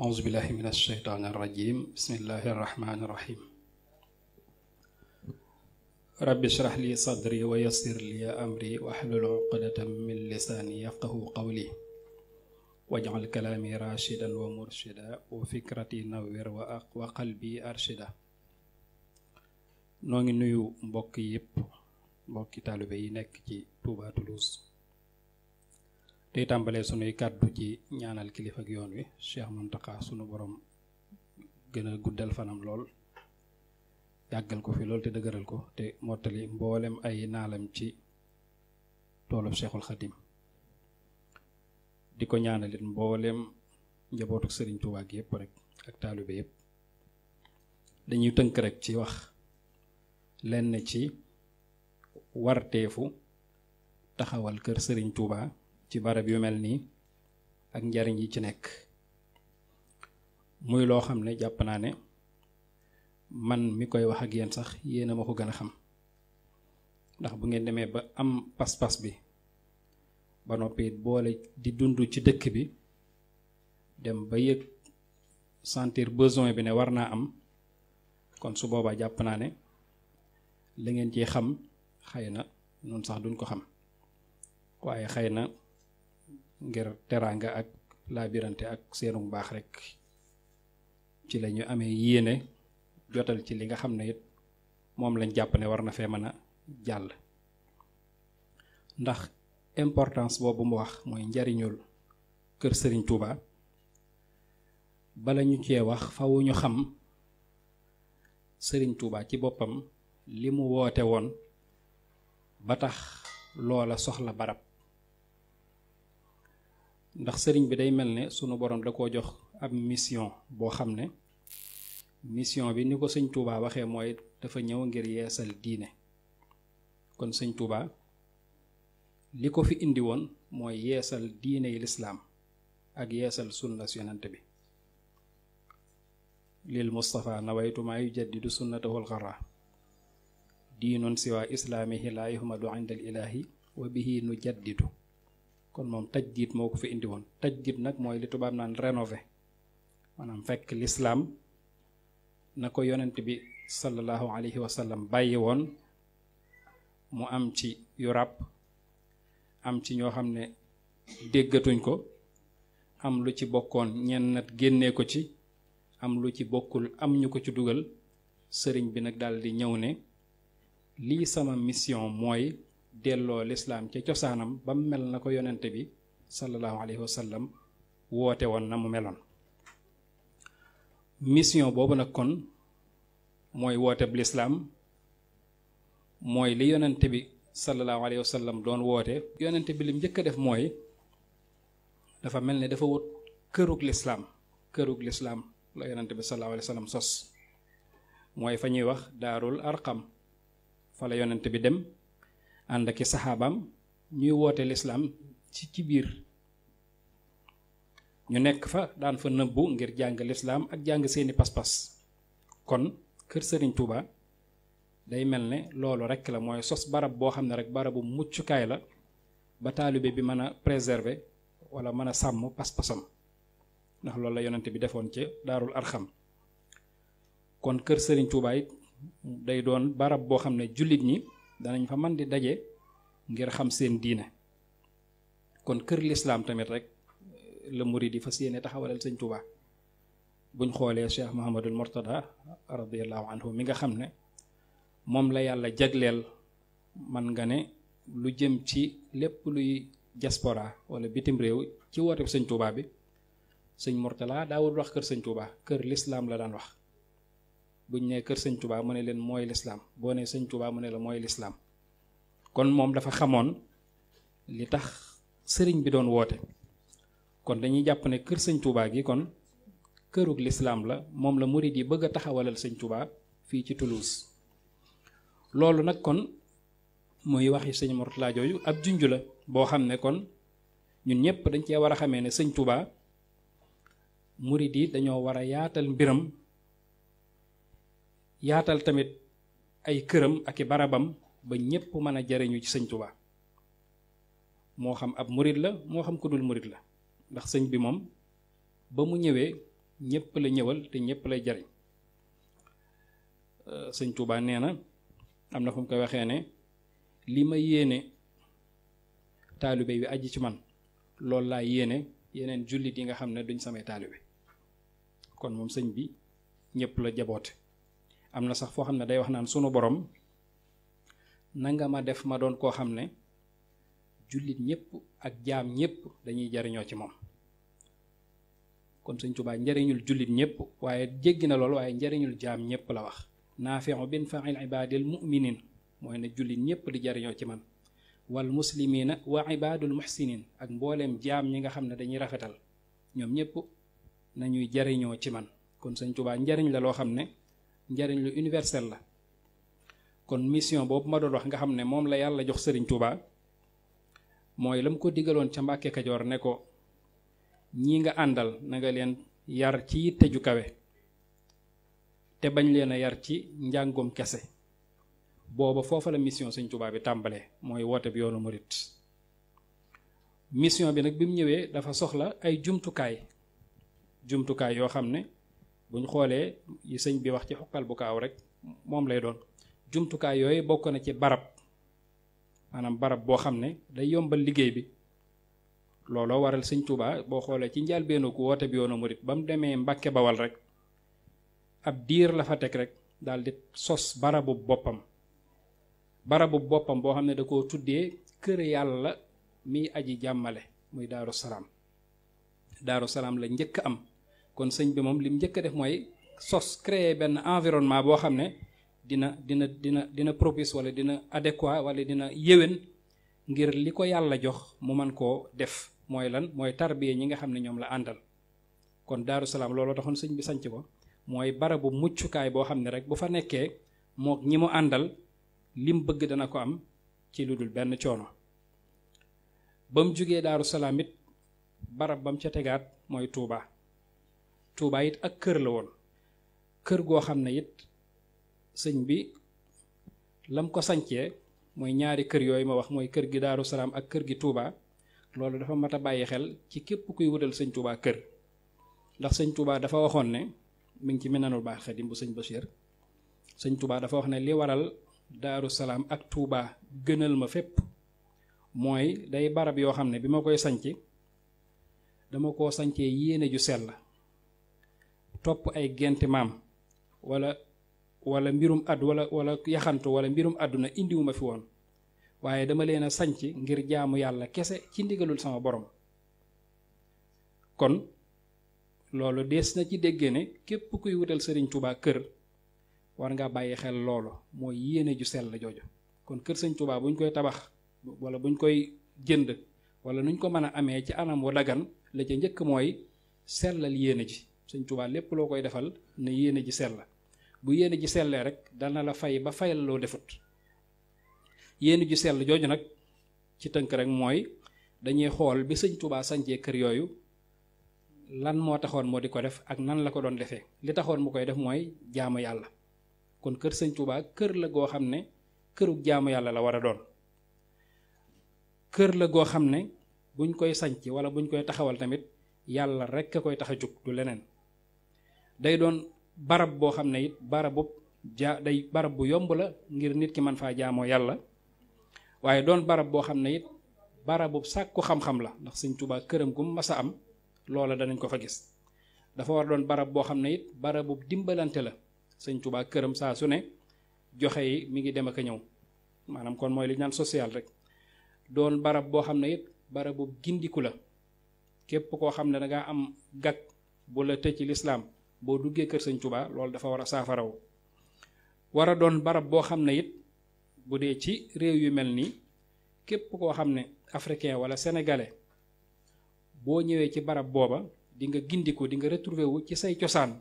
أعوذ بالله من الشيطان الرجيم بسم الله الرحمن الرحيم رب اشرح لي صدري ويسر لي أمري واحلل عقدة من لساني يفقه قولي واجعل كلامي راشدا ومرشدا وفكرتي نور وقلبي أرشدا نوغي نيو مبوكي يب مبوكي mbokki taalibe yi nekk tey tàmbalee sunuy kàddu ci ñaanal kilifa ak yoon wi Cheikh Mountakha sunu borom gën a guddal fanam lool yàggal ko fi lool te dëgëral ko te mottali mbooleem ay naalam ci toolub Cheikhul Khadim di ko ñaanalit mbooleem njabootu sëriñ Tuubaa gi yëpp rek ak taalibe yëpp dañuy tënk rekk ci wax lenn ci warteefu taxawal kër sëriñ Tuubaa ci barab yu mel nii ak njariñ yi ci nekk muy loo xam ne jàpp naa ne man mi koy wax ak yéen sax yéen a ma ko gën a xam ndax bu ngeen demee ba am pas-pas bi ba noppi it boole di dund ci dëkk bi dem ba yëg sentir besoin bi ne war naa am kon su boobaa jàpp naa ne li ngeen ci xam xëy na noonu sax duñ ko xam waaye xëy na ngir teranga ak labirante ak seenu bax rek ci lañu amé yéene jotal ci li nga xamné ne it mom lañu japp né warna fé mëna jall ndax importance bobu mu wax moy njariñul kër serigne touba bala ñu ci wax fawu ñu xam serigne touba ci bopam limu wote won ba tax loola soxla barab ndax sëriñ bi day mel ne sunu borom da koo jox ab mission boo xam ne mission bi ni ko sëñ Touba waxee mooy dafa ñëw ngir yeesal diine kon sëñ Touba li ko fi indi woon mooy yeesal diine yi lislaam ak yeesal sunna yonent bi lil Mustafa nawaytu maa yujaddidu sunnatahu alxara diinun siwa islamihi la yuhmadu inda al ilahi wa bihi nujaddidu kon moom taj giit moo ko fi indi woon giit nag mooy li tubaab naan rénové maanaam fekk lislaam na ko yonent bi sallallahu alayhi wa sallam bàyyi woon mu am ci yu ràpp am ci ñoo xam ne déggatuñ ko am lu ci bokkoon ñenn nat génnee ko ci am lu ci bokkul am ñu ko ci dugal sëriñ bi nag daldi ñëw ne lii sama mission mooy delloo lislaam ca cosaanam ba mel na ko yonente bi sallallahu alayhi wa sallam woote woon na mu meloon mission boobu nag kon mooy wooteb lislaam mooy li yonente bi sallallahu alayhi wa sallam doon woote yonente bi lim njëkk a def mooy dafa mel ne dafa wut kërug lislaam kërug lislaam la yonente bi sallallahu alayhi wa sallam sos mooy fa ñuy wax daarul arqam fa la yonente bi dem anda ak sahabam ñuy wote l'islam ci ci bir ñu nek fa daan fa neubbu ngir jang l'islam ak jang seeni pas-pas kon keur serigne touba day melne lolu rek la moy sos barab bo xamne rek barabu kay la ba talibé bi mëna préserver wala mëna sam pass pas ndax lolu la yonenté bi defon ci darul arham kon keur serigne touba it day doon barab bo xamne ne danañ fa man di daje ngir xam seen diine kon kër lislaam tamit rek eh, la murid yi fas yéene taxawalal sëñ Tuubaa buñ xoolee Cheikh Muhammadul Murtada radiallahu anhu mi nga xam ne moom la yàlla jagleel man nga ne lu jëm ci lépp luy diaspora wala bitim réew ci woote sëñ Tuubaa bi sëñ Murtada daawul wax kër sëñ Tuubaa kër lislaam la daan wax buñ nee kër sëñ Touba mu ne leen mooy lislaam boo nee sëñ Touba mu ne la mooy lislaam kon moom dafa xamoon li tax sëriñ bi doon woote kon dañuy jàpp ne kër sëñ Touba gi kon këru lislaam la moom la murid yi bëgg a taxawalal sëñ Touba fii ci Toulouse loolu nag kon muy wax sëñ Mourtala jooju ab junju la boo xam ne kon ñun ñëpp dañ cee war a xamee ne sëñ Touba murid yi dañoo war a yaatal mbiram yaatal tamit ay këram ak i barabam ba ñépp mën a jariñu ci sëñ Tuubaa moo xam ab murit la moo xam ko dul murit la ndax sëñ bi moom ba mu ñëwee ñépp la ñëwal te ñépp lay jariñ euh, sëñ Tuubaa nee na am na fu mu koy waxee ne li ma yéene taalibe bi àjj ci man loolu laa yéene yeneen jullit yi nga xam ne duñ samay taalibe kon moom sëñ bi ñépp la jaboote am na sax foo xam ne day wax naan sunu borom nanga ma def ma doon koo xam ne jullit ñëpp ak jaam ñëpp dañuy jariñoo ci moom kon Sëñ Tuubaa njariñul jullit ñëpp waaye jéggi na lool waaye njariñul jaam ñëpp la wax naafiu bin fail ibaadil muminin mooy ne jullit ñëpp di jariñoo ci man wal muslimina wa ibaadul muhsinin ak mbooleem jaam ñi nga xam ne dañuy rafetal ñoom ñëpp nañuy jariñoo ci man kon Sëñ Tuubaa njariñ la loo xam ne njariñ lu universel la kon mission boobu ma doon wax nga xam ne moom la yàlla jox sëriñ Touba mooy la mu ko digaloon ca Mbàkke Kajoor ne ko ñi nga àndal nanga leen yar ci tëju kawe te bañ leen a yar ci njàngum kese booba foofa la mission sëñ Touba bi tàmbalee mooy woote yoonu murit mission bi nag bi mu ñëwee dafa soxla ay jumtukaay jumtukaay yoo xam ne bu ñu xoolee yi sëñ bi wax ci xukkal bu kaaw rek moom lay doon jumtukaay yooyu bokk na ci barab maanaam barab boo xam ne day yombal liggéey bi looloo waral sëñ Touba boo xoolee ci njëlbéenu ku woote bi yoonu murit ba mu demee Mbàkke Bawal rek ab diir la fa teg rek daldi sos barabu boppam barabu boppam boo xam ne da koo tuddee kër yàlla mi aji jàmmale muy daaru salaam daaru salaam la njëkk am kon sëñ bi moom li mu njëkk def mooy sos créer benn environnement boo xam ne dina dina dina dina propice wala dina adéquat wala dina yéwén ngir li ko yàlla jox mu man koo def mooy lan mooy tarbiye ñi nga xam ne ñoom la àndal kon Daaru Salaam looloo taxoon sëñ bi sanc ko mooy barabu muccukaay boo xam ne rek bu fa nekkee mook ñi mu àndal lim bëgg dana ko am ci lu dul benn coono ba jógee jugee Daaru Salaam it barab bam ca tegaat mooy tuubaa tuubaa it ak kër la woon kër goo xam ne it sëñ bi lam ko sañcee mooy ñaari kër yooyu ma wax mooy kër gi Daaru Salaam ak kër gi tuubaa loolu dafa mat a bàyyi xel ci képp kuy wutal sëñ Touba kër ndax sëñ Touba dafa waxoon ne mi ngi ci menanul baax xadim bu sëñ Bachir sëñ Touba dafa wax ne li waral Daaru Salaam ak tuubaa gënal ma fépp mooy day barab yoo xam ne bi ma koy sanc dama koo sañcee yéene ju sell la topp ay genti maam walla wala mbirum àdd walla wala yaxantu wala mbirum àdduna indiwuma fi woon waaye dama leen a sanc ngir jaamu yàlla kese ci ndigalul sama borom kon loolu dees na ci dégg ne képp kuy wutal sëriñ Touba kër war nga bàyyi xel loolu mooy yéene ju sell jooju kon kër sëñ Touba buñ koy tabax wala buñ koy jënd wala nuñ ko mën a amee ci anam wu dagan la ci njëkk mooy sellal yéene ji sëñ Tuubaa lépp loo koy defal ne yéene ji sell bu yéene ji sellee rek dana la fay ba fayal loo defut yéene ji sell jooju nag ci tënk rek mooy dañuy xool bi sëñ Tuubaa sancee kër yooyu lan moo taxoon moo di ko def ak nan la ko doon defee li taxoon mu koy def mooy jaamu yàlla kon kër sañ Tuubaa kër la goo xam ne kërug jaamu yàlla la war a doon kër la goo xam ne buñ koy sanc wala buñ koy taxawal tamit yàlla rekk a koy tax a jug du leneen day doon barab boo xam ne it barabub ja day barab bu yomb la ngir nit ki mën faa jaamoo yàlla waaye doon barab boo xam ne it barabub sàkku xam-xam la ndax sëñ tubaa këram gu mas am loola danañ ko fa gis dafa doon barab boo xam ne it dimbalante la sëñ Tuubaa këram saa su ne joxe yi mi ngi dem ak a ñëw maanaam kon mooy li ñu naan social rek doon barab boo xam ne it barabub gindiku la képp koo xam ne dangaa am gag bu la tëj ci lislaam boo duggee kër sañ Tuubaa loolu dafa war a saafaraw war a doon barab boo xam ne it bu dee ci réew yu mel nii képp koo xam ne africain wala sénégalais boo ñëwee ci barab booba di nga gindiku di nga retrouver wu ci say cosaan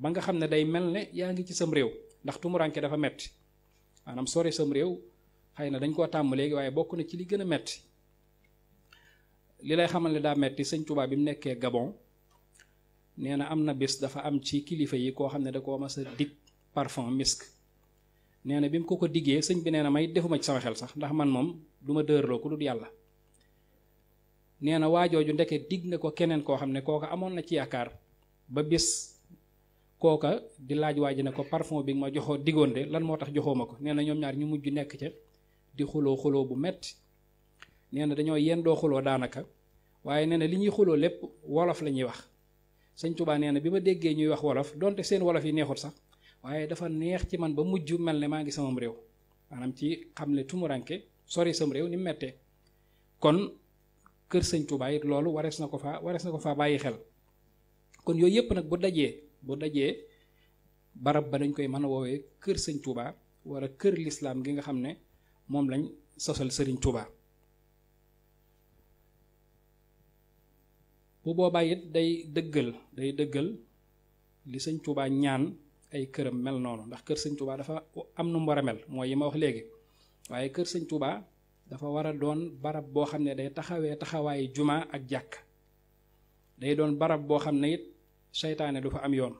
ba nga xam ne day mel ne yaa ngi ci sam réew ndax tumuraanke dafa metti maanaam sore sam réew xëy na dañ koo tàmm léegi waaye bokk na ci li gën a metti li lay xamal ne daa metti sëñ Tuubaa bi mu nekkee Gabon nee na am na bis dafa am ci kilifa yi koo xam ne da koo mas a dig parfum misk nee na bi mu ko ko diggee sëñ bi nee na may defuma ci sama xel sax ndax man moom du ma dërloo ku dul yàlla nee na waajooju ndeke digg na ko keneen koo xam ne kooka amoon na ci yaakaar ba bis kooka di laaj waa ji ne ko parfum bi ma joxoo diggoon de lan moo tax joxoo ko nee na ñoom ñaar ñu mujj nekk ca di xuloo xuloo bu metti nee na dañoo yendoo xuloo daanaka waaye nee na li ñuy xuloo lépp wolof la ñuy wax sëñ Touba nee na bi ma déggee ñuy wax wolof donte seen wolof yi neexut sax waaye dafa neex ci man ba mujj mel ne maa ngi samam réew maanaam ci xam ne tumuranke sori sam réew ni mu mettee kon kër sañ Touba it loolu warees na ko faa warees na ko faa bàyyi xel kon yooyu yëpp nag bu dajee bu dajee barab ba dañ koy mën a woowee kër sëñ Touba wala kër lislaam gi nga xam ne moom lañ sosal sëriñ Touba. bu boobaa it day dëggal day dëggal li sëñ Tuubaa ñaan ay këram mel noonu ndax kër sëñ Tuubaa dafa am nu mu war a yi ma wax léegi waaye kër sëñ dafa war doon barab boo xam ne day taxawee taxawaayu jumaa ak jàkk day doon barab boo xam ne it seytaane du fa am yoon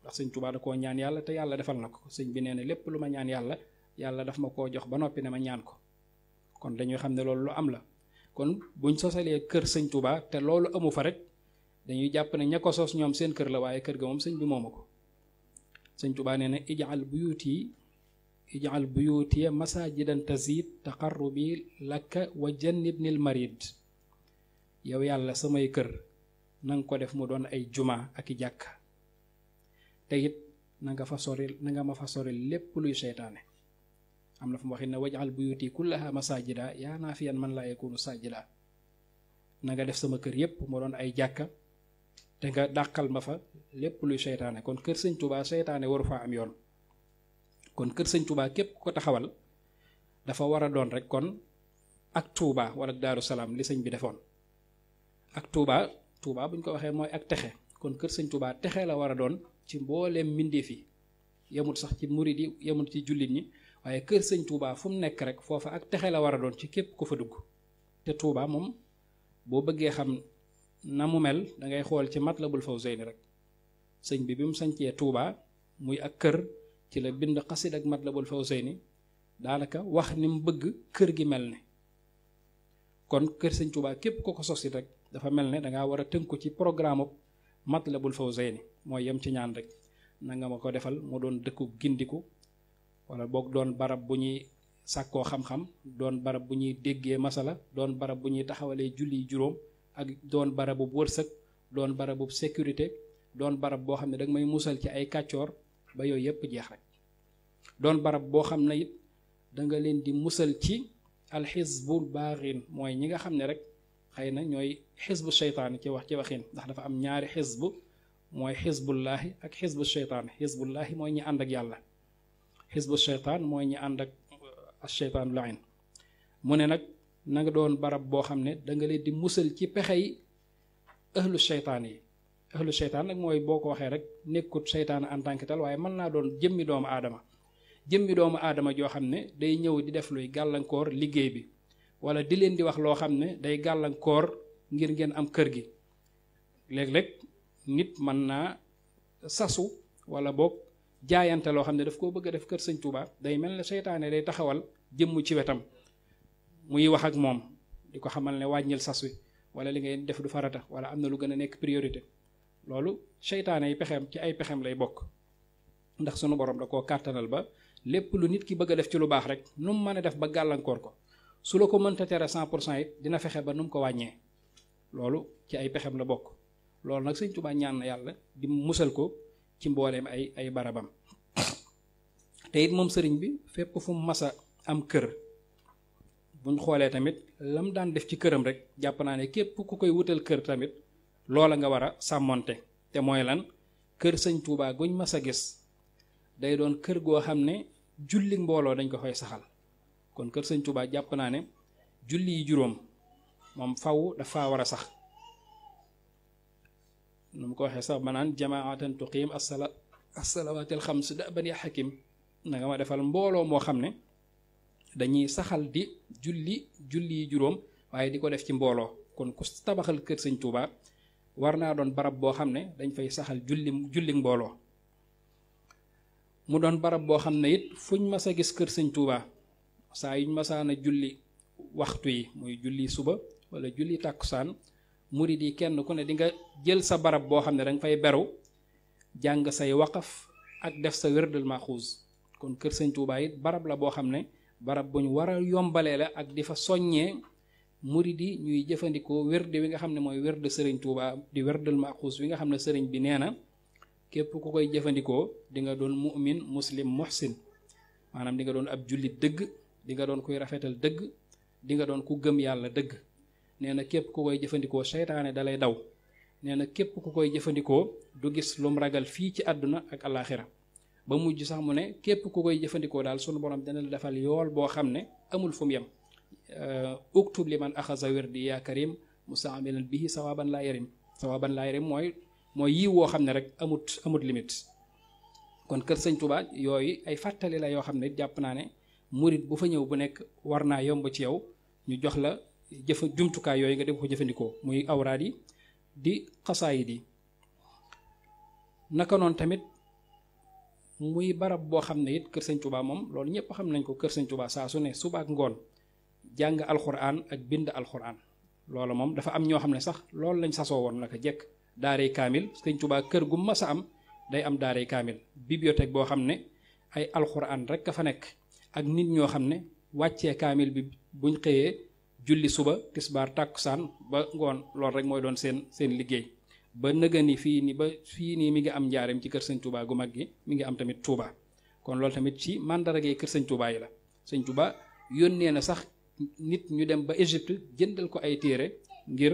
ndax sëñ Tuubaa da koo ñaan yàlla te yàlla defal na ko sëñ bi nee na lépp lu ma ñaan yàlla yàlla daf ma koo jox ba noppi ne ma ñaan ko kon dañuy xam ne loolu lu am la kon buñ sosalee kër sëñ Tuubaa te loolu amu fa rek dañuy jàpp ne ña ko sos ñoom seen kër la waaye kër ga moom sëñ bi moomu ko sëñ Tuubaa nee na ijaal buyuti ijaal buyuti masajidan tazid taqarrubi lakk wa jannibnil marid yow yàlla samay kër nanga ko def mu doon ay jumaa ak i jàkk te it na nga fa sori na nga ma fa sori lépp luy seytaane am na fu mu waxit ne wajaal buyuti kullaha masajida yaa naa fiyan man laa yakunu sajida na nga def sama kër yépp mu doon ay jàkka te nga dàqal ma fa lépp luy seytaane kon kër sëñ tubaa seytaane waru faa am yoon kon kër sëñ tubaa képp ko taxawal dafa war a doon rek kon ak tuubaa wara daaru salaam li sëñ bi defoon ak tuubaa tuubaa buñ ko waxee mooy ak texe kon kër sëñ tubaa texe la war a doon ci mbooleem mbindeef yi yemul sax ci muridi yi yemul ci jullit ñi waaye kër sëñ tuubaa fu mu nekk rek foofa ak texe la war a doon ci képp ku fa dugg te tuubaa moom boo bëggee xam na mu mel dangay xool ci Matlabul Fawzayni rek sëñ bi bi mu sañcee Touba muy ak kër ci la bind xasid ak Matlabul Fawzayni daanaka wax ni mu bëgg kër gi mel ni kon kër sëñ Touba képp ko ko sosit rek dafa mel ni danga ngaa war a tënku ci programme ab Matlabul Fawzayni mooy yem ci ñaan rek nanga ma ko defal mu doon dëkku gindiku wala boog doon barab bu ñuy sàkkoo xam-xam doon barab bu ñuy déggee masala doon barab bu ñuy taxawalee julli juróom. ak doon barabu wërsëg doon barabu sécurité doon barab boo xam ne danga may musal ci ay kàccoor ba yooyu yëpp jeex rek doon barab boo xam ne it danga leen di musal ci alxisbul baaxin mooy ñi nga xam ne rek xëy na ñooy xisbu seytaane ci wax ci waxin ndax dafa am ñaari xisbu mooy xisbullaahi ak xisbu seytaane xisbullaahi mooy ñi ànd ak yàlla xisbu seytaan mooy ñi ànd ak uh, seytaan lain mu ne nag na nga doon barab boo xam ne danga leen di musal ci pexey ahlu seytaan yi ahlu seytaan nag mooy boo ko waxee rek nekkut seytaan en tant que tel waaye mën naa doon jëmmi doomu aadama jëmmi doomu aadama joo xam ne day ñëw di def luy gàllankoor liggéey bi wala di leen di wax loo xam ne day gàllankoor ngir ngeen am kër gi léeg-léeg nit mën naa sasu wala boog jaayante loo xam ne daf koo bëgg a def kër sëñ Tuubaa day mel ne seytaane day taxawal jëmm ci wetam muy wax ak moom di ko xamal ne wàññil sas wi wala li ngay def du farata wala am na lu gën a nekk priorité loolu seytaane yi pexeem ci ay pexeem lay bokk ndax sunu borom da koo kàttanal ba lépp lu nit ki bëgg a def ci lu baax rek nu mu mën a def ba gàllankoor ko su la ko mënta tere cent pour cent it dina fexe ba nu mu ko wàññee loolu ci ay pexem la bokk loolu nag sëñ Tuubaa ñaan na yàlla di musal ko ci mbooleem ay ay barabam te moom sëriñ bi fépp fu mu mas a am kër buñ xoolee tamit lam daan def ci këram rek jàpp naa ne képp ku koy wutal kër tamit loola nga war a sàmmonte te mooy lan kër sëñ tuubaa guñ mas a gis day doon kër goo xam ne julli mbooloo dañ ko saxal kon kër sëñ tuubaa jàpp naa ne julli yi juróom moom faw dafa war a sax num ko waxee sax manaan jamaatan tuqim asala asalawaati alxams da ban ya xakim na nga ma defal mbooloo moo xam dañuy saxal di julli julli juróom waaye di ko def ci mbooloo kon ku tabaxal kër sëñ Touba war naa doon barab boo xam ne dañ fay saxal julli julli mbooloo mu doon barab boo xam ne it fuñ mas a gis kër sëñ Touba saa yuñ masaana julli waxtu yi muy julli suba wala julli tàkkusaan murid yi kenn ku ne di nga jël sa barab boo xam ne fay beru jàng say waqaf ak def sa wérdal maxuus kon kër sëñ Touba it barab la boo xam barab bu ñu waral yombalee la ak di fa soññee murid yi ñuy jëfandikoo werd wi nga xam ne mooy werd sëriñ Touba di werdal maxuus wi nga xam ne sëriñ bi nee na képp ku koy jëfandikoo di nga doon mu'min muslim muhsin maanaam di nga doon ab jullit dëgg di nga doon kuy rafetal dëgg di nga doon ku gëm yàlla dëgg nee na képp ku koy jëfandikoo seytaane dalay daw nee na képp ku koy jëfandikoo du gis lum ragal fii ci àdduna ak alaaxira ba mujj sax mu ne képp ku koy jëfandikoo daal sunu borom dana la defal yool boo xam ne amul fu mu yem uktub li man axasa wirdi yaa karim musaamilan bihi sawaban laa yarim sawaban laa yarim mooy mooy yi woo xam ne rek amut amut limite kon kër sëñ Touba yooyu ay fàttali la yoo xam ne jàpp naa ne murit bu fa ñëw bu nekk war naa yomb ci yow ñu jox la jëfa jumtukaay yooyu nga def ko jëfandikoo muy awraad yi di xasaayid yi naka noonu tamit muy barab boo xam ne it kër sëñ Touba moom loolu ñëpp xam nañ ko kër sëñ Touba saa su ne suba ak ngoon jàng alxuraan ak bind alxuraan loolu moom dafa am ñoo xam ne sax loolu lañ sasoo woon naka jekk daaray kaamil sëñ Touba kër gu mas a am day am daaray kaamil bibliothèque boo xam ne ay alxuraan rek a fa nekk ak nit ñoo xam ne wàccee kaamil bi buñ xëyee julli suba tisbaar tàkkusaan ba ngoon loolu rek mooy doon seen seen liggéey ba nëga ni fii nii ba fii nii mi ngi am njaareem ci kër sañ Touba gu mag gi mi ngi am tamit Touba kon loolu tamit ci mandaragee kër sëñ Touba yi la sëñ Touba yónnee na sax nit ñu dem ba Égypte jëndal ko ay téere ngir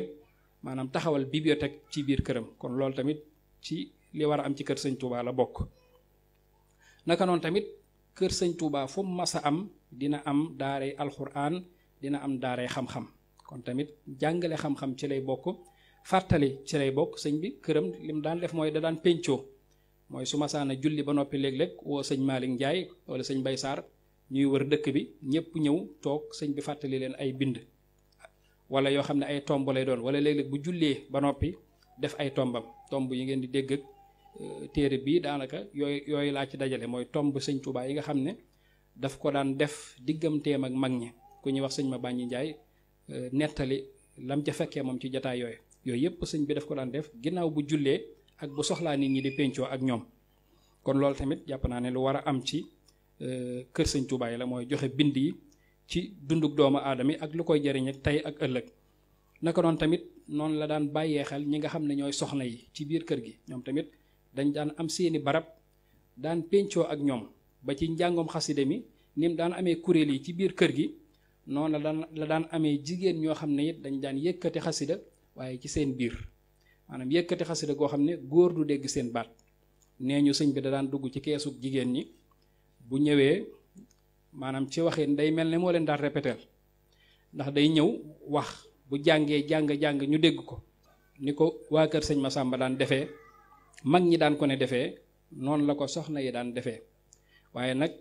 maanaam taxawal bibliothèque ci biir këram kon loolu tamit ci li war a am ci kër sañ Touba la bokk naka noonu tamit kër sañ tuubaa fu mas a am dina am daaray alxuraan dina am daaray xam-xam kon tamit jàngale xam-xam ci lay bokk fàttali ci lay bokk sëñ bi këram lim daan def mooy da daan pencoo mooy su masaana julli ba noppi léeg-léeg woo sëñ Malick Ndiaye wala sëñ Bay Sarr ñuy wër dëkk bi ñëpp ñëw toog sëñ bi fàttali leen ay bind wala yoo xam ne ay tomb lay doon wala léeg-léeg bu jullee ba noppi def ay tombam tomb yi ngeen di dégg euh, téere bii daanaka yooyu yooyu laa ci dajale mooy tomb sëñ Touba yi nga xam ne daf ko daan def digganteem ak mag ñi ku ñuy wax sëñ ma bàññi Ndiaye euh, nettali lam ca fekkee moom ci jataay yooyu yooyu yëpp sëñ bi daf ko daan def ginnaaw bu jullee ak bu soxlaa nit ñi di pencoo ak ñoom kon loolu tamit jàpp naa ne lu war a am ci euh, kër sëñ Tuubaa la mooy joxe bind yi ci dunduk doomu aadama yi ak lu koy jëriñ ak tey ak ëllëg naka noonu tamit noonu la daan bàyyee xel ñi nga xam ne ñooy soxna yi ci biir kër gi ñoom tamit dañ daan am seeni barab daan pencoo ak ñoom ba ci njàngoom xaside mi ni mu daan amee kuréel yi ci biir kër gi noonu la daan la daan amee jigéen ñoo xam ne it dañ daan yëkkati xasida waaye ci seen biir maanaam yëkkati xasida goo xam ne góor du dégg seen baat nee ñu sëñ bi da daan dugg ci keesug jigéen ñi bu ñëwee maanaam ci waxin day mel ne moo leen daan répéter ndax day ñëw wax bu jàngee jàng jàng ñu dégg ko ni ko waa kër sëñ sàmba daan defee mag ñi daan ko ne defee noonu la ko soxna yi daan defee waaye nag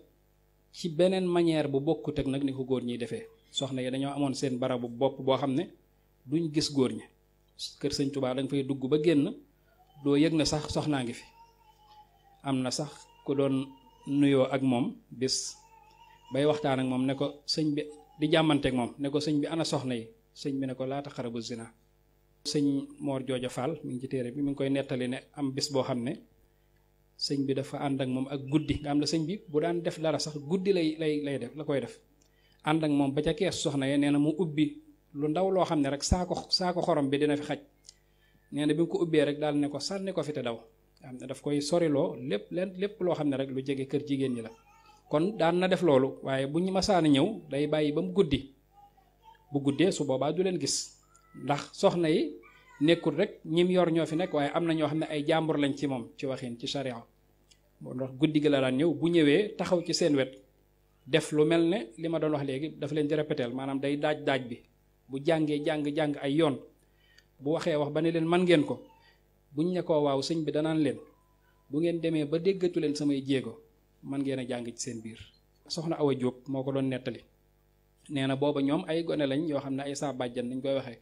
ci beneen manière bu bokkut ak nag ni ko góor ñi defee soxna yi dañoo amoon seen barabu bopp boo xam ne duñ gis góor ñi kër sëñ Touba danga fay dugg ba génn doo yëg na sax soxnaa ngi fi am na sax ku doon nuyoo ak moom bis bay waxtaan ak moom ne ko sëñ bi di jàmmanteeg moom ne ko sëñ bi ana soxna yi sëñ bi ne ko laata xarabu zina sëñ Mor Jooja Fall mi ci téere bi mi ngi koy nettali ne am bis boo xam ne sëñ bi dafa ànd ak moom ak guddi nga am la sëñ bi bu daan def dara sax guddi lay lay lay def la koy def ànd ak moom ba ca kees soxna ya nee na mu ubbi lu ndaw loo xam ne rek saako saako xorom bi dina fi xaj nee na bi mu ko ubbee rek daal ne ko sànni ko fi te daw xam daf koy soriloo lépp leen lépp loo xam ne rek lu jege kër jigéen ñi la kon daan na def loolu waaye bu ñu masaana ñëw day bàyyi ba mu guddi bu guddee su boobaa du leen gis ndax soxna yi nekkul rek ñim yor ñoo fi nekk waaye am na ñoo xam ne ay jàmbur lañ ci moom ci waxin ci charia ndax guddi gi la daan ñëw bu ñëwee taxaw ci seen wet def lu mel ne li ma doon wax léegi dafa leen di répéter maanaam day daaj daaj bi bu jàngee jàng jàng ay yoon bu waxee wax ba ne leen man ngeen ko buñ ne koo waaw sëñ bi danaan leen bu ngeen demee ba déggatu leen samay jéego man ngeen a jàng ci seen biir. soxna Awa Diop moo ko doon nettali nee na booba ñoom ay gone lañ yoo xam ne ay saa bàjjan nañ koy waxee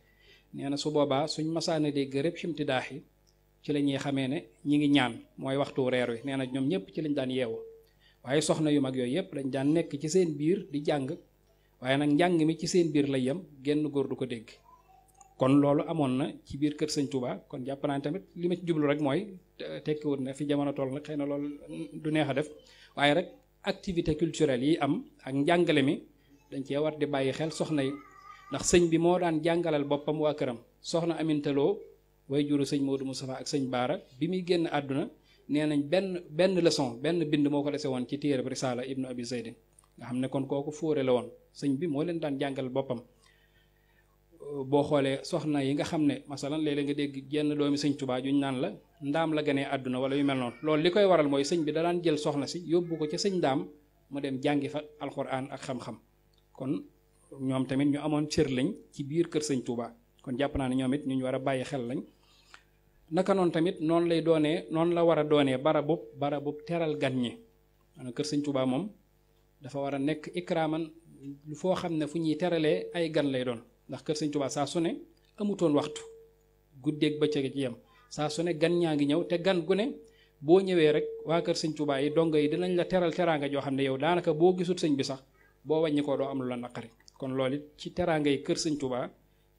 nee na su boobaa suñ masaana dégg rëbb ximti daax yi ci la ñuy xamee ne ñi ngi ñaan mooy waxtu reer wi nee na ñoom ñëpp ci lañ daan yeewoo waaye soxna yu mag yooyu yëpp lañ daan nekk ci seen biir di jàng. waaye nag njàng mi ci seen biir lay yem génn góor du ko dégg kon loolu amoon na ci biir kër sëñ tubaa kon jàpp naa tamit li ma ci jublu rek mooy tekkiwut na fi jamono toll nag xëy na loolu du neex a def waaye rek activité culturelle yi am ak njàngale mi dañ cee war di bàyyi xel soxna yi ndax sëñ bi moo daan jàngalal boppam waa këram soxna amintaloo way juru sëñ Modou Moustapha ak sëñ Baara bi muy génn àdduna nee nañ benn benn leçon benn bind moo ko dese woon ci téere bi Risaala Ibnu Abi Zaydin nga xam ne kon kooku fóore la woon sëñ bi moo leen daan jàngal boppam euh, boo xoolee soxna yi nga xam ne masalan léeg-léeg nga dégg jenn doomi sëñ Tuubaa juñ naan la ndaam la ganee àdduna wala yu mel noonu loolu li koy waral mooy sëñ bi da daan jël soxna si yóbbu ko ca sëñ ndaam mu dem jàngi fa alxuraan ak xam-xam kon ñoom tamit ñu amoon cër lañ ci biir kër sëñ Tuubaa kon jàpp naa ne ñoom it ñu ñu war a bàyyi xel lañ naka noonu tamit noonu lay doonee noonu la war a doonee bara bub teral gan ñi kër sëñ Tuubaa moom dafa war a nekk ikraaman lu foo xam ne fu ñuy teralee ay gan lay doon ndax kër sëñ Tuubaa saa sone ne amutoon waxtu guddeeg bëccëg ci yem saa sone gan ñaa ngi ñëw te gan gu ne boo ñëwee rek waa kër sëñ Tuubaa yi dongo yi dinañ la teral teraanga joo xam ne yow daanaka boo gisul sëñ bi sax boo wàññi doo am lu la naqari kon loolu ci teraanga yi kër sëñ Tuubaa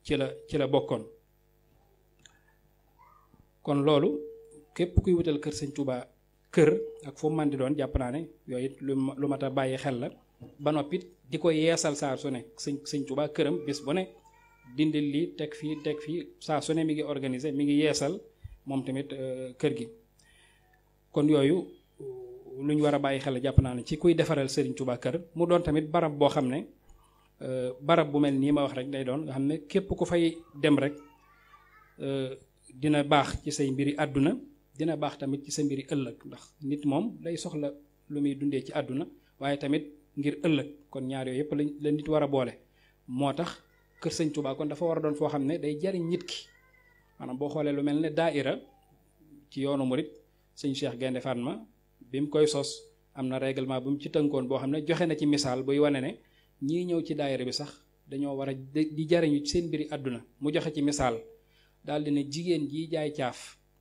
ci la ci la bokkoon kon loolu képp kuy wutal kër sëñ Tuubaa kër ak fu man di doon jàpp naa ne yooyu it lu lu mat a bàyyi xel la ba noppit di ko yeesal saa su ne sëñ sëñ Tuubaa këram bis bu ne dindi lii teg fii teg fii saa su ne mi ngi organiser mi ngi yeesal moom tamit euh, kër gi kon yooyu euh, lu ñu war a bàyyi xel jàpp naa ne ci kuy defaral Serigne Touba kër mu doon tamit barab boo xam ne euh, barab bu mel nii ma wax rek day doon nga xam ne képp ko fay dem rek dina baax ci say mbiri àdduna dina baax tamit ci sa mbiri ëllëg ndax nit moom lay soxla lu muy dundee ci àdduna waaye tamit ngir ëllëg kon ñaar yooyu yëpp la nit war a boole moo tax kër sëñ Tuubaa kon dafa war a doon foo xam ne day jariñ nit ki maanaam boo xoolee lu mel ne ira ci yoonu murit sëñ Cheikh Gaynde Fatma bi mu koy sos am na règlement bu mu ci tënkoon boo xam ne joxe na ci misaal buy wane ne ñi ñëw ci daayira bi sax dañoo war a di jariñu ci seen mbiri àdduna mu joxe ci misaal daal di ne jigéen jii jaay caaf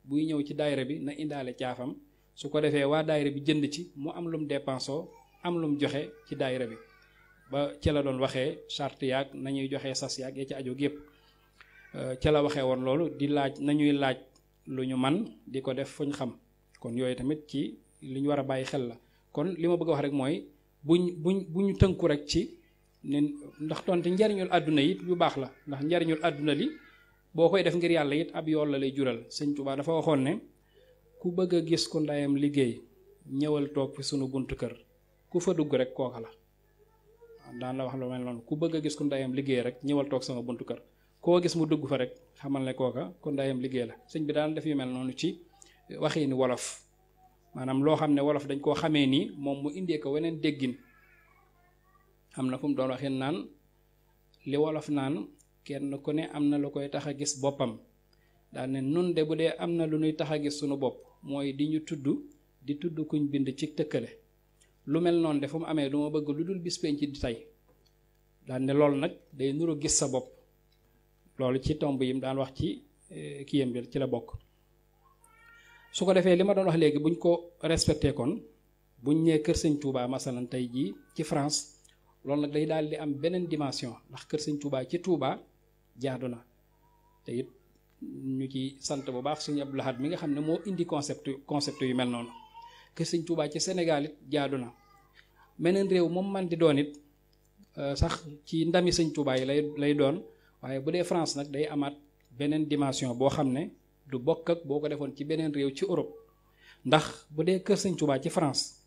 buy ñëw ci daayira bi na indaale caafam su ko defee waa daayira bi jënd ci mu am lum dépensoo am lum joxe ci daayira bi ba ca la doon waxee charte yaag nañuy joxe sas yaag ya ci ajoog yépp euh, ca la waxee woon loolu di laaj nañuy laaj lu ñu man di ko def fuñ xam kon yooyu tamit ci li ñu war a bàyyi xel la kon li ma bëgg a wax rek mooy buñ buñ bu ñu tënku rek ci ndax tonte njariñul àdduna yi yu baax la ndax njariñul àdduna li boo koy def ngir yàlla yit ab yoon la lay jural sëñ Tuubaa dafa waxoon ne ku bëgg a gis ku ndayam liggéey ñëwal toog fi sunu buntu kër ku fa dugg rek kooka la daan la wax lu mel noonu ku bëgg a gis ku ndayam liggéey rek ñëwal toog sama buntu kër koo gis mu dugg fa rek xamal ne kooka ku ndayam liggéey la sëñ bi daan def yu mel noonu ci waxiinu wolof maanaam loo xam ne wolof dañ koo xamee nii moom mu indee ko weneen déggin am na fu mu doon waxee kenn ku ne am na lu koy tax gis boppam daal ne nun de bu dee am na lu ñuy tax a gis sunu bopp mooy di ñu tudd di tudd kuñ bind ci tëkkale lu mel noonu de mu amee lu bëgg lu dul bis penc di tey daan ne loolu nag day nuru gis sa bopp loolu ci tomb mu daan wax ci eh, kiyam bi ci la bokk su ko defee li ma doon wax léegi buñ ko respecté kon buñ ñëwee kër sëñ Touba masalan tey jii ci France loolu nag day daal di am beneen dimension ndax kër sëñ tuubaa ci Touba jaadu na te it ñu ci sant bu baax suñu Abdou Lahad mi nga xam ne moo indi concept concept yu mel noonu que sëñ Tuubaa ci Sénégal it jaadu na beneen réew moom man di doon it euh, sax ci ndami sëñ Tuubaa yi lay lay doon waaye bu dee France nag day amaat beneen dimension boo xam ne du bokk ak boo ko defoon ci beneen réew ci Europe ndax bu dee kër sëñ Tuubaa ci France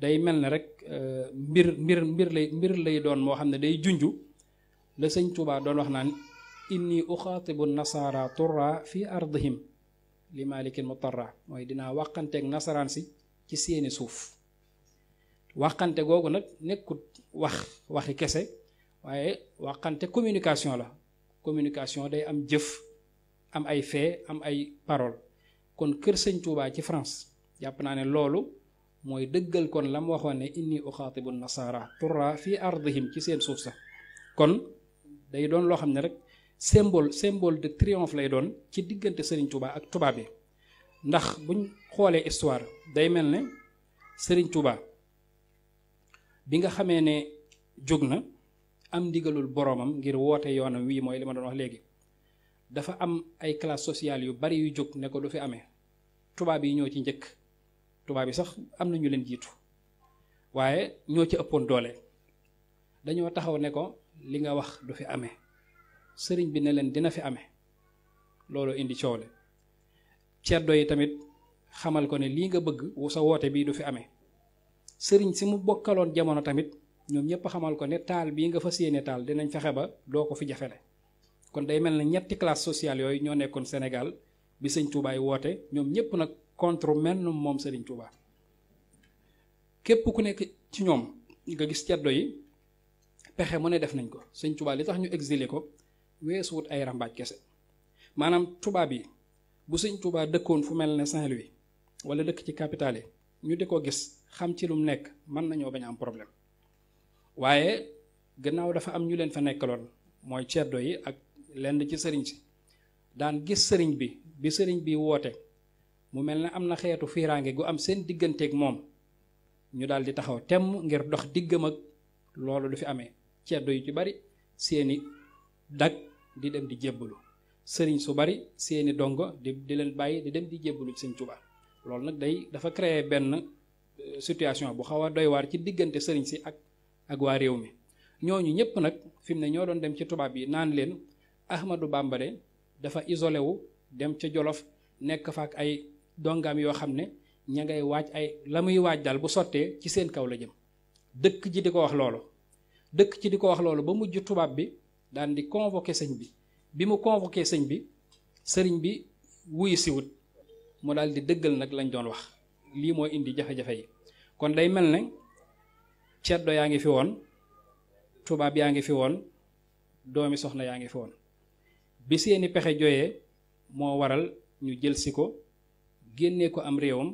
day mel ne rek euh, mbir mbir mbir lay mbir lay doon moo xam ne day junju la sëñ Tuubaa doon wax naan inni uxaatibu nasaara turra fi ardihim li malikin mutarra mooy dinaa waxanteeg nasaraan si ci seeni suuf waxante googu nag nekkut wax waxi kese waaye waxante communication la communication day am jëf am ay fee am ay parole kon kër sëñ Touba ci France jàpp naa ne loolu mooy dëggal kon mu waxoon ne inni uxaatibu nasaara turra fi ardihim ci seen suuf sax kon day doon loo xam ne rek symbole symbole de triomphe lay doon ci diggante sëriñ Touba ak tubaab bi ndax buñ xoolee histoire day mel ne sëriñ Touba bi nga xamee ne jóg na am ndigalul boromam ngir woote yoonam wii mooy li ma doon wax léegi dafa am ay classe sociale yu bari yu jóg ne ko du fi amee tubaab yi ñoo ci njëkk tubaab yi sax am na ñu leen jiitu waaye ñoo ci ëppoon doole dañoo taxaw ne ko li nga wax du fi amee. sëriñ bi ne leen dina fi amee loolu indi coow le ceddo yi tamit xamal ko ne lii nga bëgg wu sa woote bii du fi amee sëriñ si mu bokkaloon jamono tamit ñoom ñëpp xamal ko ne taal bii nga fa yéene taal dinañ fexe ba doo ko fi jafele kon day mel ne ñetti classe sociale yooyu ñoo nekkoon senegal bi sëñ Touba woote ñoom ñëpp nag contre menn moom sëriñ Touba képp ku nekk ci ñoom nga gis ceddo yi pexe mu ne def nañ ko sëñ Touba li tax ñu exilé ko. weesuwut ay rambaaj kese maanaam tubaab yi bu sëñ Tuubaa dëkkoon fu mel ne Saint-Louis wala dëkk ci capital yi ñu di ko gis xam ci lu mu nekk mën nañoo bañ am problème waaye gannaaw dafa am ñu leen fa nekkaloon mooy ceddo yi ak lenn ci sëriñ si daan gis sëriñ bi bi sëriñ bi woote mu mel ne am na xeetu fiiraange gu am seen digganteeg moom ñu daal di taxaw temm ngir dox diggam ak loolu du fi amee ceddo yi ci bari seeni dag di dem di jébbulu sëriñ su bari seeni dongo di di leen bàyyi di dem di jébbalu ci sëñ Tuubaa loolu nag day dafa créer benn euh, situation bu xaw a doy waar ci diggante sëriñ si ak ak waa réew mi ñooñu ñëpp nag fi mu ne ñoo doon dem ci tubaab yi naan leen Ahmadou Bamba de dafa isolé wu dem ca Jolof nekk fa ak ay dongaam yoo xam ne ña ngay waaj ay la muy waaj daal bu sottee ci seen kaw la jëm dëkk ji di ko wax loolu dëkk ci di ko wax loolu ba mujj tubaab bi daan di convoqué sëñ bi bi mu convoqué sëñ bi sëriñ bi wuyu si wut mu daldi dëggal nag lañ doon wax lii moo indi jafe-jafe yi kon day mel ne ceddo yaa ngi fi woon tubaab yaa ngi fi woon doomi soxna yaa ngi fi woon bi seeni pexe jooyee moo waral ñu jël si ko génnee ko am réewam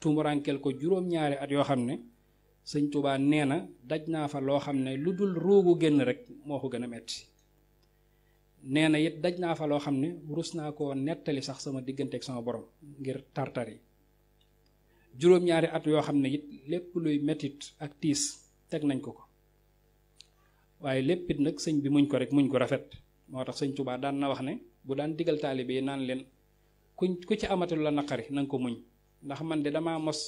tumurankeel ko juróom-ñaari at yoo xam ne sëñ Touba nee na daj naa fa loo xam ne lu dul ruugu génn rek moo ko gën a metti nee na it daj naa fa loo xam ne rus naa koo nettali sax sama digganteeg sama borom ngir tartar yi juróom-ñaari at yoo xam ne it lépp luy mettit ak tiis teg nañ ko ko waaye lépp it nag sëñ bi muñ ko rek muñ ko rafet moo tax sëñ tubaa daan na wax ne bu daan digal taalibe naan leen kuñ ku ci amatul la naqari na ko muñ ndax man de damaa mos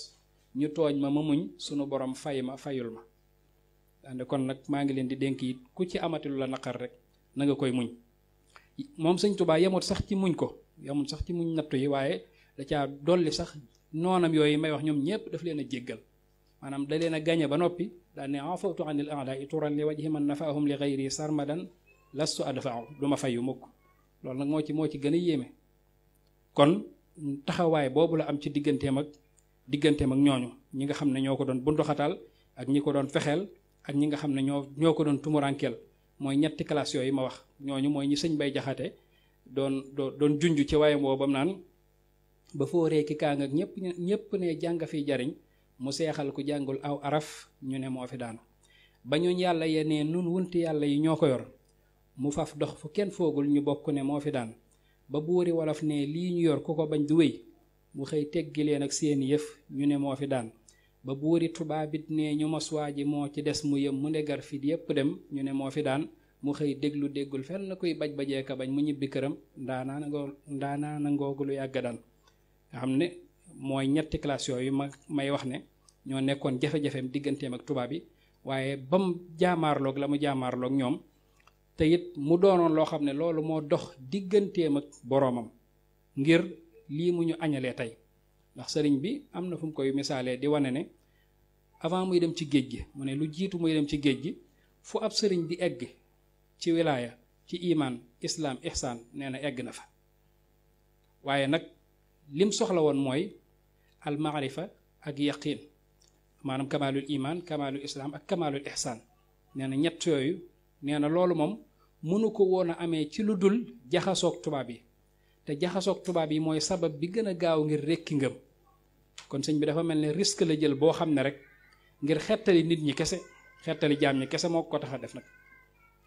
ñu tooñ ma ma muñ sunu borom fay ma fayul ma dande kon nag maa ngi leen di dénk it ku ci amati lu la naqar rek na nga koy muñ moom sëñ Tuubaa yemut sax ci muñ ko yemut sax ci muñ nattu yi waaye da caa dolli sax noonam yooyu may wax ñoom ñëpp daf leen a jéggal maanaam da leen a gañe ba noppi daal ne afawtu anil a'daa turan li wajhi man nafaahum li ghayri sarmadan lastu adfa'u du ma fayu mukk loolu nag moo ci moo ci gën a yéeme kon taxawaay boobu la am ci digganteem ak digganteem ak ñooñu ñi nga xam ne ñoo ko doon bunduxatal ak ñi ko doon fexeel ak ñi nga xam ne ñoo ñoo ko doon tumurankeel mooy ñetti classe yooyu ma wax ñooñu mooy ñi sëñ bay jaxate doon doon junj ci waayam woo bam naan ba foo ree ki kaang ak ñëpp jariñ mu seexal ku jàngul aw araf ñu ne moo fi daanu ba yàlla ye ne nun wunti yàlla yi ñoo ko yor mu faf dox fu kenn foogul ñu bokk ne moo fi daan ba buuri wolof ne lii ñu yor ku ko bañ du wéy mu xëy teggi leen ak seen yëf ñu ne moo fi daan ba buuri tubaabit ne ñu mos waa ji moo ci des mu yëm mu ne gar fit yëpp dem ñu ne moo fi daan mu xëy déglu déggul fenn kuy baj bajee ka bañ mu ñibbi këram ndaanaa nangoo ndaanaa lu yàgg daan nga xam ne mooy ñetti classe yooyu ma may wax ne ñoo nekkoon jafe-jafeem digganteem ak tubaab yi waaye ba mu jaamaarloog la mu jaamaarloog ñoom te it mu doonoon loo xam ne loolu moo dox digganteem ak boroomam ngir lii mu ñu añalee tey ndax sëriñ bi am na fu mu koy misaalee di wane ne avant muy dem ci géej gi mu ne lu jiitu muy dem ci géej gi fu ab sëriñ di egg ci wilaaya ci imaan islaam ihsaan nee na egg na fa waaye nag lim soxla woon mooy al ak yaqiin maanaam kamaalul imaan kamaalul islaam ak kamaalul ihsaan nee na ñett yooyu nee na loolu moom mënu ko woon a amee ci lu dul jaxasook tubaab yi te jaxasoog tubaab yi mooy sabab bi gën a gaaw ngir rekki ngëm kon sëñ bi dafa mel ne risque la jël boo xam ne rek ngir xettali nit ñi kese xettali jaam ñi kese moo ko tax def nag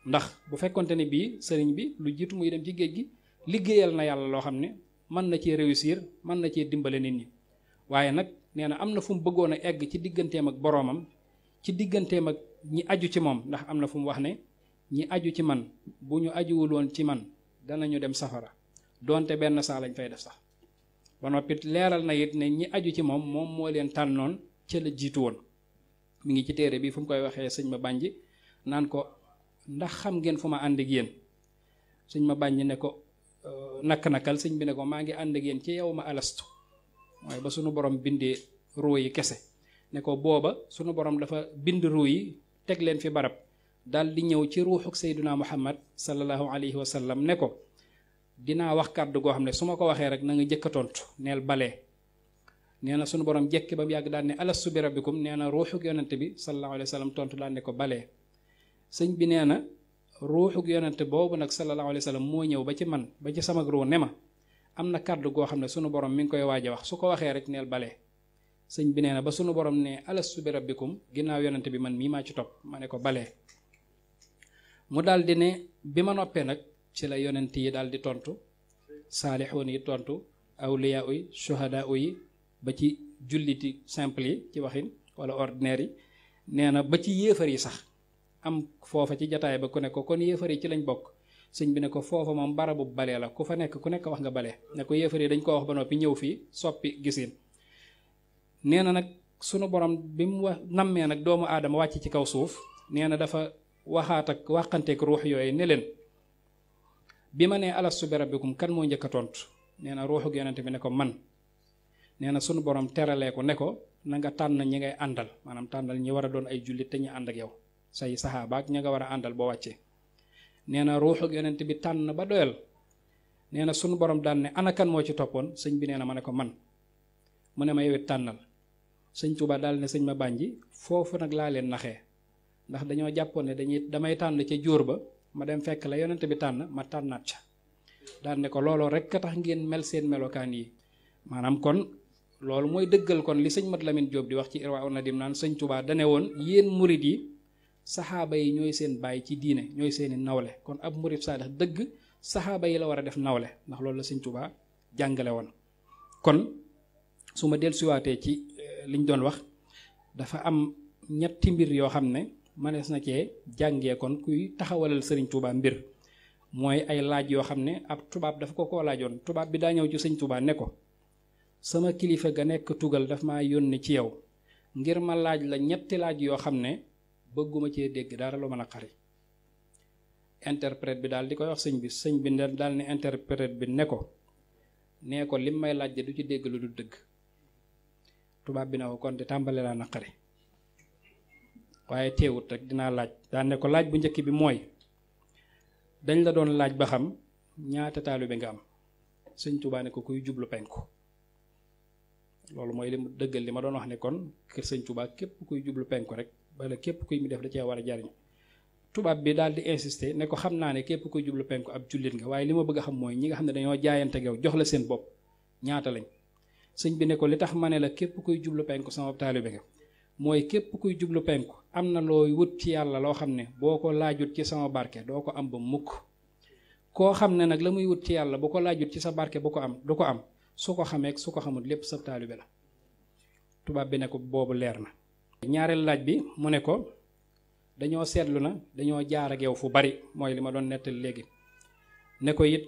ndax bu fekkonte ne bii sëriñ bi lu jiitu muy dem ci géej gi liggéeyal na yàlla loo xam ne mën na cee réussir mën na cee dimbale nit ñi waaye nag nee na am na fu mu bëggoon a egg ci digganteem ak boroomam ci digganteem ak ñi aju ci moom ndax am na fu mu wax ne ñi aju ci man bu ñu woon ci man danañu dem safara donte benn saa lañ fay def sax ba noppit leeral na it ne ñi aju ci moom moom moo leen tànnoon ca la jiitu woon mu ngi ci téere bi fu mu koy waxee sëñ ma bànji naan ko ndax xam ngeen fu ma ànd ak yéen sëñ ma bànji ne ko euh, nakk-nakal sëñ bi ne ko maa ngi ànd ak ci yow ma alastu waaye ba sunu borom bindee ruu yi kese ne ko booba sunu borom dafa bind ruu yi teg leen fi barab daal di ñëw ci ruuxuk sayduna muhammad sallallahu alayhi wa sallam ne ko dina wax kàddu go xamne suma ko waxe rek na nga jekk tontu neel balé neena sunu borom jekki bam yag dal ne ala bi rabbikum neena bi sallallahu alayhi wasallam tontu dal ne ko balé señ bi neena na yonante boobu sallallahu alayhi wasallam mo ñew ba ci man ba ci sama gro nema amna kaddu go xamne sunu borom mi ngi koy waaj wax su ko waxe rek neel balé señ bi nee ba sunu borom ne ala bi rabbikum ginaaw yonante bi man mi ma ci top mané ne ko balé mu dal di ne bima noppé nak ci la yonent yi daal di tontu saalixoon yi tontu awliya yi shuhada yi ba ci julliti simple yi ci waxin wala ordinaire yi nee na ba ci yéefar yi sax am foofa ci jataay ba ku ne ko kon yéefar yi ci lañ bokk sëñ bi ne ko foofa moom barabu balee la ku fa nekk ku nekk wax nga balee ne ko yéefar yi dañ koo wax ba noppi ñëw fii soppi gisin nee na nag sunu borom bi mu wax nammee nag doomu aadama wàcc ci kaw suuf nee na dafa waxaat ak waxanteek ruux yooyu ne leen bi ma nee alastu bi rabbikum kan moo njëkk a tontu nee na ruuxu yonent bi ne ko man nee na sunu borom teralee ko ne ko nanga nga tànn ñi ngay àndal maanaam tànnal ñi war a doon ay jullit te ñu ànd ak yow say saxaabaak ña nga war a àndal boo wàcce nee na ruuxu yonent bi tànn ba doyal nee na sunu borom daan ne ana kan moo ci toppoon sëñ bi nee na ma ne ko man mu ne ma yow tànnal sëñ Tuuba daal ne sëñ ma bànji foofu nag laa leen naxee ndax dañoo jàppoon ne dañuy damay tànn ca jóor ba ma dem fekk la yonent bi tànn ma tànnaat ca daal ne ko looloo rek tax ngeen mel seen melokaan yi maanaam kon loolu mooy dëggal kon li sëñ Mat Lamin Jóob di wax ci Irwaa Nadim naan sëñ Tubaa dane woon yéen murit yi saxaaba yi ñooy seen bàyyi ci diine ñooy seeni nawle kon ab murit saadax dëgg saxaaba yi la war a def nawle ndax loolu la sëñ Tubaa jàngale woon kon su ma dellusiwaatee ci eh, liñ doon wax dafa am ñetti mbir yoo xam ne mënees na cee jàngee kon kuy taxawalal sëriñ Touba mbir mooy ay laaj yoo xam ne ab tubaab dafa ko koo laajoon tubaab bi daa ñëw ci sëñ Touba ne sama kilifa nekk tugal daf maa yónni ci yow ngir ma laaj la ñetti laaj yoo xam ne bëgguma cee dégg dara lu mën a xari interprète bi daal di koy wax sëñ bi sëñ bi daal ne interprète bi ne ko nee ko lim may laaj du ci dégg lu du dëgg tubaab bi na ko kon di tàmbale laa naqari waaye teewut rek dinaa laaj daan ko laaj bu njëkk bi mooy dañ la doon laaj ba xam ñaata taalibe nga am sëñ Tuubaa ne ko kuy jublu penku loolu mooy li mu li ma doon wax ne kër sëñ Tuubaa képp kuy jublu penku rek wala képp kuy mu def da cee war a jariñ tubaab bi daal di insister ne ko xam naa ne képp kuy jublu penku ab jullit nga waaye li ma bëgg xam mooy ñi nga xam ne dañoo jaayante ak jox la seen bopp ñaata lañ sëñ bi ne ko li tax ma ne la képp kuy jublu penku sama taalibe nga mooy képp kuy jublu penku am na loo wut ci yàlla loo xam ne boo ko laajut ci sama barke doo ko am ba mukk koo xam ne nag la muy wut ci yàlla bu ko laajut ci sa barke bu ko am du ko am su ko xamee su ko xamut lépp sab taalibe la tubaab bi ne ko boobu leer na ñaareel laaj bi mu ne ko dañoo seetlu na dañoo jaar ak yow fu bari mooy li ma doon nettali léegi ne ko it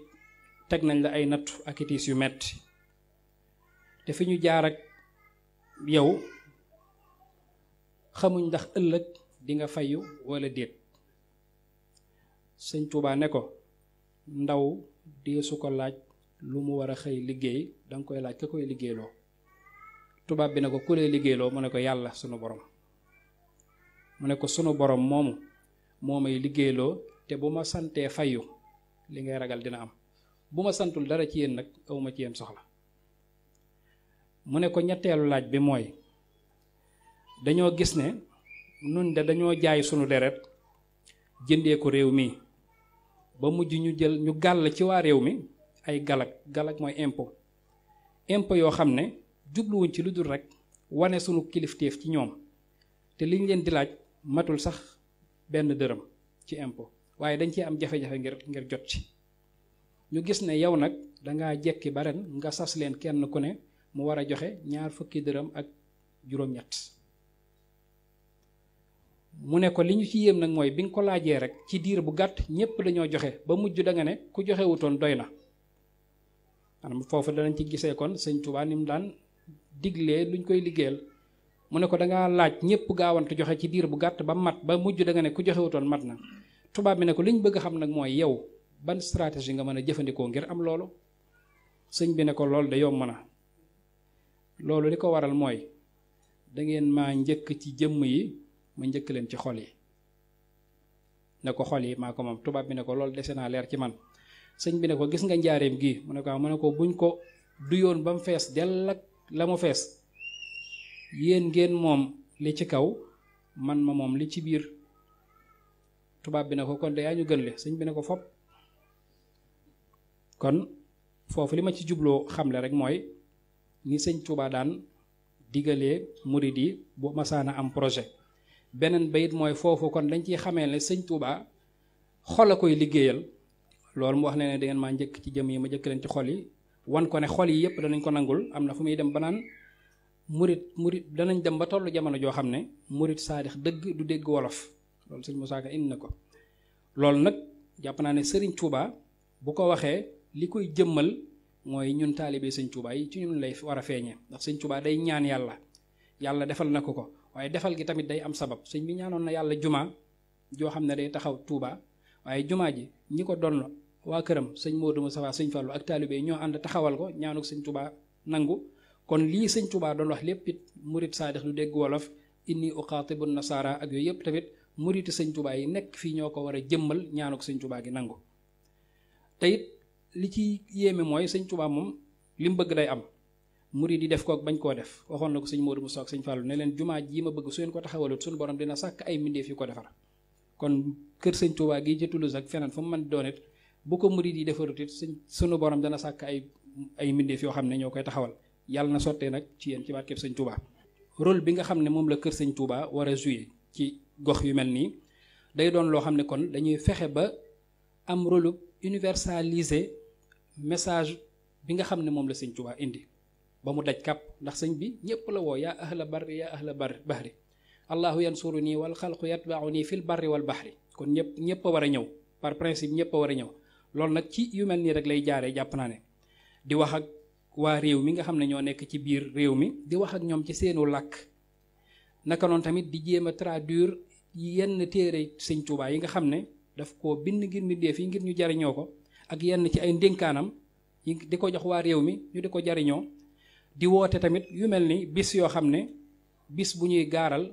teg nañ la ay nattu ak itiis yu metti te fi ñu jaar ak yow xamuñ ndax ëllëg di nga fayu wala déet sëñ Tuubaa ne ko ndaw dee su ko laaj lu mu war a xëy liggéey danga koy laaj ka koy liggéeyloo tubaab bi ne ko ku lay liggéeyloo mu ne ko yàlla sunu borom mu ne ko sunu borom moomu moo may liggéeyloo te bu ma santee fayu li ngay ragal dina am bu ma santul dara ci yéen nag awma ci yéen soxla mu ne ko ñetteelu laaj bi mooy dañoo gis ne nun de dañoo jaay sunu deret jëndee ko réew mi ba mujj ñu jël ñu gàll ci waa réew mi ay galak galak mooy impôt impôt yoo xam ne jubluwuñ ci lu dul rek wane sunu kilifteef ci ñoom te liñ leen di laaj matul sax benn dërëm ci impôt waaye dañ ci am jafe-jafe ngir ngir jot ci ñu gis ne yow nag danga jekki ba nga sas leen kenn ku ne mu war a joxe ñaar fukki dërëm ak juróom-ñett mu ne ko li ñu ci yéem nag mooy bi nga ko laajee rek ci diir bu gàtt ñëpp dañoo joxe ba mujj danga ne ku joxe wutoon doy na maanaam foofu danañ ci gisee kon sëñ ni mu daan diglee luñ koy liggéeyal mu ne ko da ngaa laaj ñëpp gaawantu joxe ci diir bu gàtt ba mat ba mujj da ne ku joxe wutoon mat na tubaab bi ne ko li ñu bëgg xam nag mooy yow ban stratégie nga mën a jëfandikoo ngir am loolu sëñ bi ne ko loolu de yomb na loolu li ko waral mooy dangeen ngeen maa njëkk ci jëmm yi. mu njëkk leen ci xol yi ne ko xol yi maa ko moom tubaab bi ne ko loolu dese naa leer ci man sëñ bi ne ko gis nga njaareem gii mu ne ko mu ne ko buñ ko duyoon ba mu fees dell ak la mu fees yéen ngeen moom li ci kaw man ma moom li ci biir tubaab bi ne ko kon de yaa ñu gën le sëñ bi ne ko fop kon foofu li ma ci jubloo xamle rek mooy ni sëñ Tuubaa daan digalee murid yi masaan a am projet beneen bayit mooy foofu kon dañ ciy xamee ne sëñ Touba xol a koy liggéeyal loolu mu wax ne ne da ngeen maa njëkk ci jëm yi ma njëkk leen ci xol yi wan ko ne xol yi yëpp danañ ko nangul am na fu muy dem ba naan murit murit danañ dem ba tollu jamono joo xam ne murit saadix dëgg du dégg wolof loolu sëñ Moussa Ka indi na ko loolu nag jàpp naa ne sëriñ Touba bu ko waxee li koy jëmmal mooy ñun taalibe sëñ Touba yi ci ñun lay war a feeñee ndax sëñ Touba day ñaan yàlla yàlla defal na ko ko. waaye defal gi tamit day am sabab sëñ bi ñaanoon na yàlla jumaa joo xam ne day taxaw tuubaa waaye jumaa ji ñi ko doon waa këram sëñ Modou Moustapha sëñ Fallou ak taalibe ñoo ànd taxawal ko ñaanuk sëñ Touba nangu kon lii sëñ Touba doon wax lépp it murit saadix lu dégg wolof inni uqaatibu nasara ak yooyu yëpp tamit muriti sëñ Touba yi nekk fii ñoo ko war a jëmbal ñaanuk sëñ Touba gi nangu te li ci yéeme mooy sëñ Touba moom li mu bëgg day am muridi def ko ak bañ ko def waxon nako seigne Modou Moussa ak sëñ Fallou ne len juma ji ma bëgg su ko taxawalut suñu borom dina sak ay mbindeef yu ko defar kon keur seigne Touba gi ci Toulouse ak fenen fu man donet bu ko muridi yi defarut sunu borom dana sak ay ay mbindeef yoo xam ne ñoo koy taxawal yàlla na sottee nak ci yéen ci barke seigne Touba. rôle bi nga xamne mom la keur seigne Touba wara jouer ci gox yu melni day doon lo xamne kon dañuy fexe ba am rôle universaliser message bi nga xamne mom la seigne Touba indi. ba mu daj kàpp ndax sëñ bi ñépp la woo yaa ahla barri yaa ahla barri bahri allahu yansuru nii wal xalqu yatbaau nii fil bari wal bahri kon ñëpp ñëpp a war a ñëw par principe ñëpp a war a ñëw loolu nag ci yu mel nii rek lay jaaree jàpp naa ne di wax ak waa réew mi nga xam ne ñoo nekk ci biir réew mi di wax ak ñoom ci seenu làkk naka noon tamit di jéem a traduire yenn téere sëñ Tuubaa yi nga xam ne daf ko bind ngir mbindéef yi ngir ñu jariñoo ko ak yenn ci ay ndénkaanam yi di ko jox waa réew mi di ko jariñoo di woote tamit yu mel ni bis yoo xam ne bis bu ñuy gaaral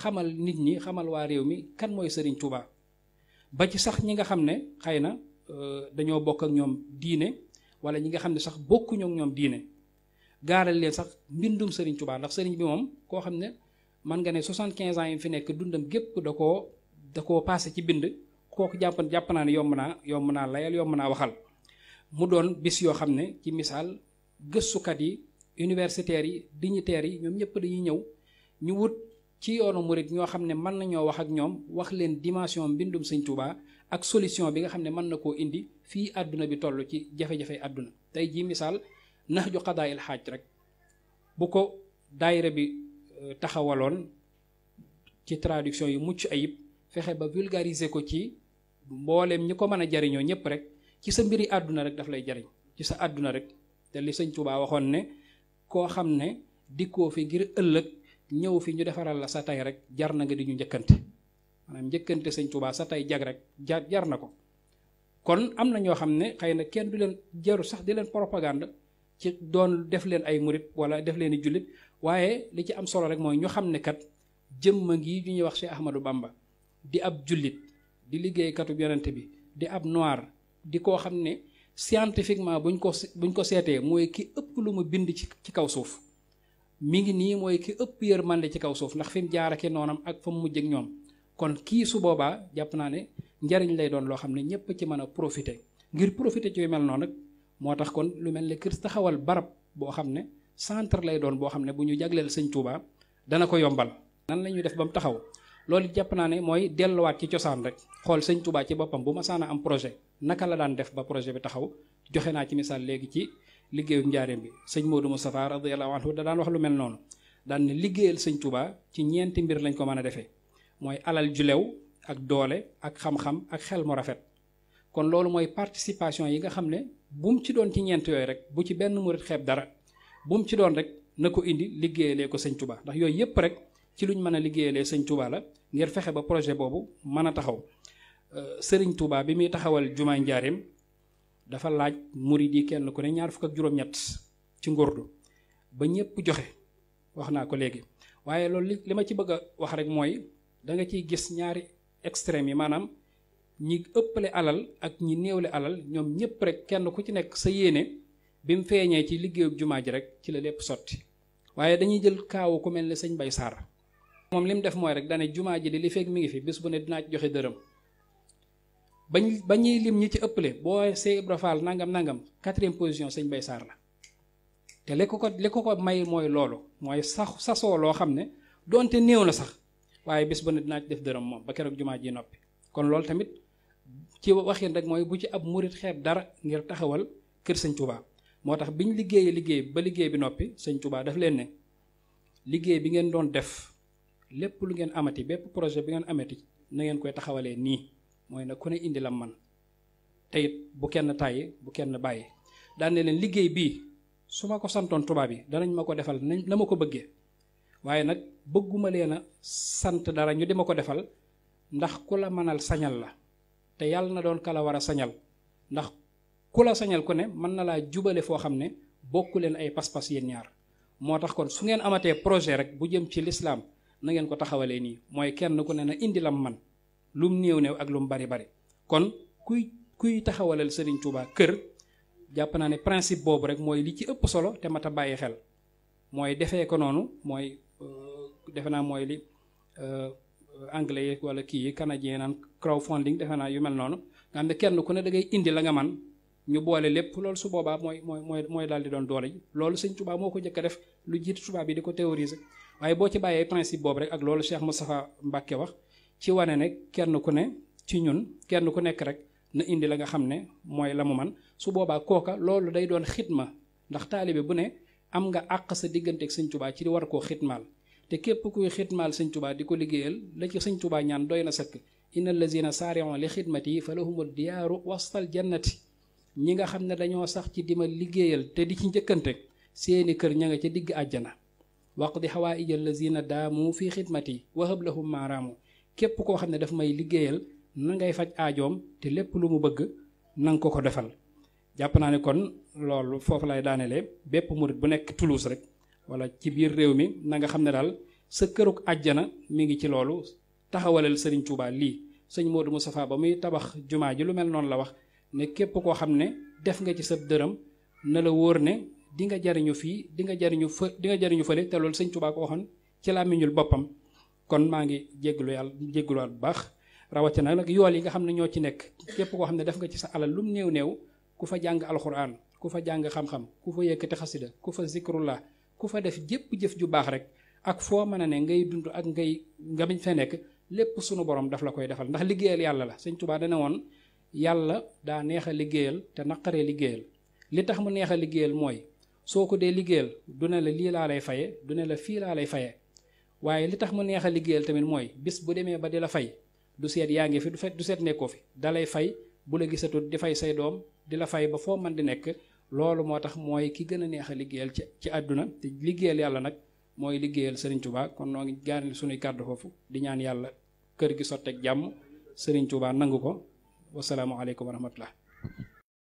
xamal nit ñi xamal waa réew mi kan mooy Serigne Touba ba ci sax ñi nga xam ne xëy na euh, dañoo bokk ak ñoom diine wala ñi nga xam ne sax bokkuñu ak ñoom diine gaaral leen sax mbindum Serigne Touba ndax sëriñ bi moom koo xam ne mën nga ne 75 ans yi fi nekk dundam gépp da koo da koo passé ci bind kooku jàpp jàpp naa ne yomb naa yomb naa layal yomb naa waxal mu doon bis yoo xam ne ci misaal gëstukat yi. universitaires yi dignitaires yi ñoom ñëpp dañuy ñëw ñu wut ci yoonu murit ñoo xam ne mën nañoo wax ak ñoom wax leen dimension mbindum sëñ Touba ak solution bi nga xam ne mën na koo indi fii àdduna bi toll ci jafe-jafe àdduna tey jii misaal nax ju xadaa il xaaj rek bu ko daayira bi euh, taxawaloon ci traduction yi mucc ayib fexe ba vulgariser ko ci mbooleem ñi ko mën a jariñoo ñëpp rek ci sa mbiri àdduna rek daf lay jariñ ci sa àdduna rek te li sëñ Touba koo xam ne di koo fi ngir ëllëg ñëw fi ñu defaral la sa tay rek jar na nga di ñu njëkkante maanaam njëkkante sëñ Tuubaa sa tay jag rek jar jar na ko kon am na ñoo xam ne xëy na kenn du leen jaru sax di leen propagande ci doon def leen ay murit wala def leen i jullit waaye li ci am solo rek mooy ñu xam ne kat jëmma ngi ñu ñuy wax Cheikh Ahmadou bàmba di ab jullit di liggéeykatu yonente bi di ab noir di koo xam ne scientifiquement buñ ko buñ ko seetee mooy ki ëpp lu mu bind ci ci kaw suuf mi ngi nii mooy ki ëpp yërmande ci kaw suuf ndax fi mu jaar ak noonam ak fa mu mujj ñoom kon kii su boobaa jàpp naa ne njariñ lay doon loo xam ne ñëpp ci mën a profité ngir profiter ci mel noonu nag moo tax kon lu mel ne kër taxawal barab boo xam ne centre lay doon boo xam ne bu ñu jagleel sëñ Touba dana ko yombal. nan la ñuy def ba mu taxaw. loolu jàpp naa ne mooy delluwaat ci cosaan rek xool sañ tubaa ci boppam bu ma saana am projet naka la daan def ba projet bi taxaw joxe naa ci misaal léegi ci liggéeyu njaareem bi sëñ Modou Moustapha radiyallahu anhu da daan wax lu mel noonu daan ne liggéeyal sëñ ci ñeenti mbir lañ ko mën a defee mooy alal ju lew ak doole ak xam-xam ak xel mu rafet kon loolu mooy participation yi nga xam ne bu mu ci doon ci ñeent yooyu rek bu ci benn murit xeeb dara bu mu ci doon rek na ko indi liggéeyalee ko sëñ tubaa ndax yooyu yëpp rek. ci lu luñ mën a liggéeyalee sëñ Touba la ngir fexe ba projet boobu mën a taxaw euh, sëriñ Touba bi muy taxawal jumaa njaareem dafa laaj murid yi kenn ku ne ñaar fukk ak juróom-ñett ci ngordu ba ñëpp joxe wax naa ko léegi waaye loolu li ma ci bëgg a wax rek mooy da nga ciy gis ñaari extrêmes yi maanaam ñi ëppale alal ak ñi néewle alal ñoom ñëpp rek kenn ku ci nekk sa yéene bi mu feeñee ci liggéeyu jumaa ji rek ci la lépp sotti waaye dañuy jël kaawu ku mel ne sëñ Bay Sarr moom li mu def mooy rek dane jumaa ji di li fekk mi ngi fi bis bu ne dinaa joxe dërëm ba ñuy lim ñi ci ëpple boo see Ibra Fall nangam nangam quatrième position sañ Bay saar la te li ko ko may mooy loolu mooy sax sasoo loo xam ne donte néew na sax waaye bis bu ne dinaa def dërëm moom ba keroog jumaa ji noppi kon loolu tamit ci waxin rek mooy bu ci ab murit xeet dara ngir taxawal kër sëñ Touba moo tax biñ liggéeyee liggéey ba liggéey bi noppi sëñ Touba daf leen ne liggéey bi ngeen doon def lépp lu ngeen amati bépp projet bi ngeen amati na ngeen koy taxawalee nii mooy na ku ne indi la man te it bu kenn tàyyi bu kenn bàyyi daan ne leen liggéey bii su ma ko santoon tubaab bi danañ ma ko defal na ma ko bëggee waaye nag bëgguma leen sant dara ñu di ma ko defal ndax ku la mënal sañal la te yàlla na doon kala war a sañal ndax ku la sañal ku ne mën na laa jubale foo xam ne bokku leen ay pas-pas yéen ñaar moo tax kon su ngeen amatee projet rek bu jëm ci l'islam nangeen ko taxawalee nii mooy kenn ku ne na indi lam man lum néew néew ak lum bari bari kon kuy kuy taxawalal sëriñ Touba kër jàpp naa ne principe boobu rek mooy li ci ëpp solo te mat a bàyyi xel mooy defee ko noonu mooy euh, defe naa mooy li euh, anglais yi wala kii yi canadien naan crowdfunding defe naa yu mel noonu nga xam ne kenn ku ne da ngay indi la nga man ñu boole lépp loolu su boobaa mooy mooy mooy mooy daal di doon doole ji loolu sëñ Touba moo ko njëkk a def lu jiitu Touba bi di ko théoriser waaye boo ci bàyyee principe boobu rek ak loolu Cheikh Moustapha Mbacke wax ci wane ne kenn ku ne ci ñun kenn ku nekk rek na indi la nga xam ne mooy la mu man su boobaa kooka loolu day doon xitma ndax taalibe bu ne am nga àq sa digganteeg sëñ Tuubaa ci di war koo xitmaal te képp kuy xitmaal sëñ Tuubaa di ko liggéeyal la ci sëñ Tuubaa ñaan doy na sëkk innal na saari'u li xidmati fa la lahumul diyaaru wastal jannati ñi nga xam ne dañoo sax ci dima liggéeyal te di ci njëkkante seeni kër ña nga ca digg àjjana wax di waqdi xawaaija allazina daamu fi xidmati wahab lahum maaraamu képp koo xam ne dafa may liggéeyal na ngay faj aajoom te lépp lu mu bëgg nanga ko ko defal jàpp naa ne kon loolu foofu lay daanele bépp murit bu nekk Toulouse rek wala ci biir réew mi na nga xam ne daal sa këruk àjjana mi ngi ci loolu taxawalal Serigne Touba lii sëñ Modou Moustapha ba muy tabax jumaa ji lu mel noonu la wax ne képp koo xam ne def nga ci sa dërëm na la wóor ne di nga jariñu fi di nga jariñu fa di nga jariñu fele te lol sëñ Tuubaa ko waxon ci miñul bopam kon maa ngi yal jéglu wat bax rawati na nak yool yi nga xamne ño ci nek képp ko xamne def nga ci sa alal lum néew néew ku fa jang alxuraan ku fa jang xam-xam ku fa yëkkati xasida ku fa zikrullah ku fa def jep jef ju bax rek ak fo mën ne ngay dundu ak ngay ngamign fe nek lepp lépp sunu borom daf la koy defal ndax liggéeyal yalla la sëñ Tuubaa dana won yalla da neex a te naqare liggéeyal li tax mu neex a moy soo ko dee liggéeyal du ne la lii laa lay faye du ne la fii laa lay faye waaye li tax mu neex a liggéeyal tamit mooy bis bu demee ba di la fay du seet yaa ngi fi du fet du seet nekkoo fi dalay fay bu la gisatu di fay say doom di la fay ba foo man di nekk loolu moo tax mooy ki gën a neex a liggéeyal ci ci àdduna te liggéeyal yàlla nag mooy liggéeyal Serigne Touba kon noo ngi gaaril suñuy kàddu foofu di ñaan yàlla kër gi sotteeg jàmm Serigne Touba nangu ko wasalaamualeykum wa rahmatullah